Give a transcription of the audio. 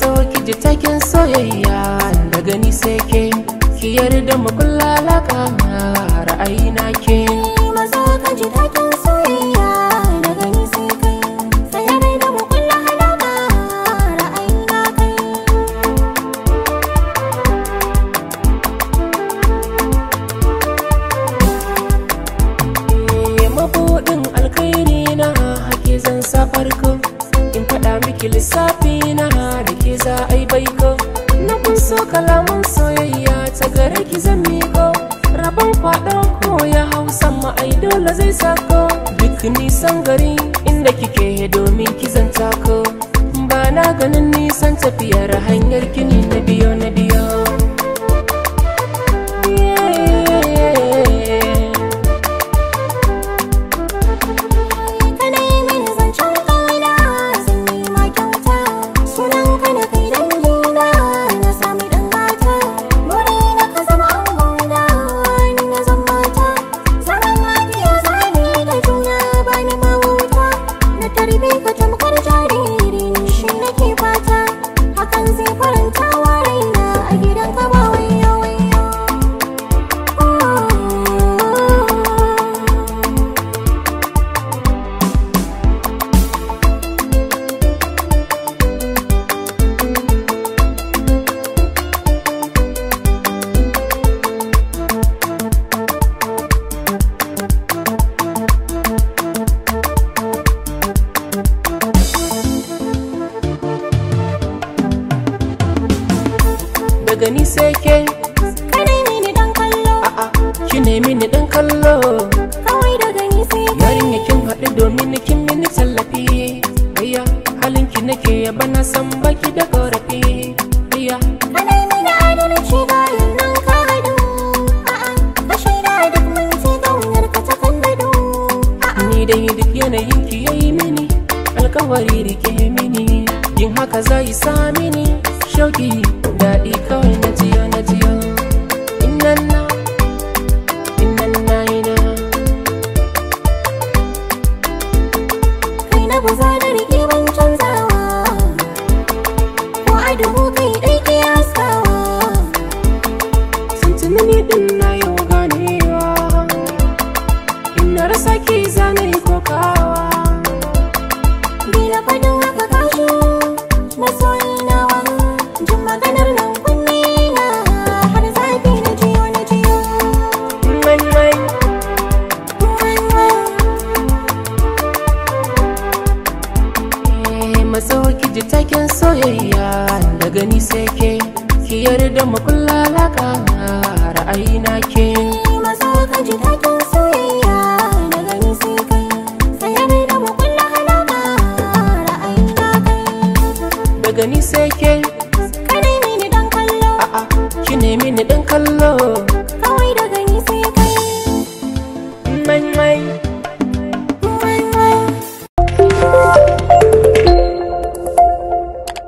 so ki ji takin soyayya da gani sai ke ki yarda mu kulla alaka ra'ayi na ke ka ji takin aibai ka na kun so kalaman soyayya ta gare ki zan miko rabon kwaɗo ko ya hausa ma ai dole zai sako duk nisan gari inda kike domin ki zanta ko ba na ganin nisan tafiyar hanyar gini na biyo gani sai ke kare mini dan kallo a'a ki ne mini dan kallo kawai da gani sai ke yarinya kin haɗu domin kin mini tallafi iya halin ki nake yaba na san baki da korafi ayya ana yi da adalci bayan nan ka haɗu a ka da duk mun ce ta hanyar ka ta kallado a'a ni dai duk yanayin ki yayi mini alkawari rike mini yin haka zai sa mini shauki daɗi kawai ba za na canzawa ko ai dubu matso ki ji taken soyayya daga ni sai ke ki yarda mu kulla alaka ra'ayi na ke matso ka ji taken soyayya daga ni sai ke sai yarda mu kulla alaka ra'ayi na ke daga ni sai ke ka nemi ni dan kallo a'a ki nemi ni dan kallo kawai daga ni sai kai mai mai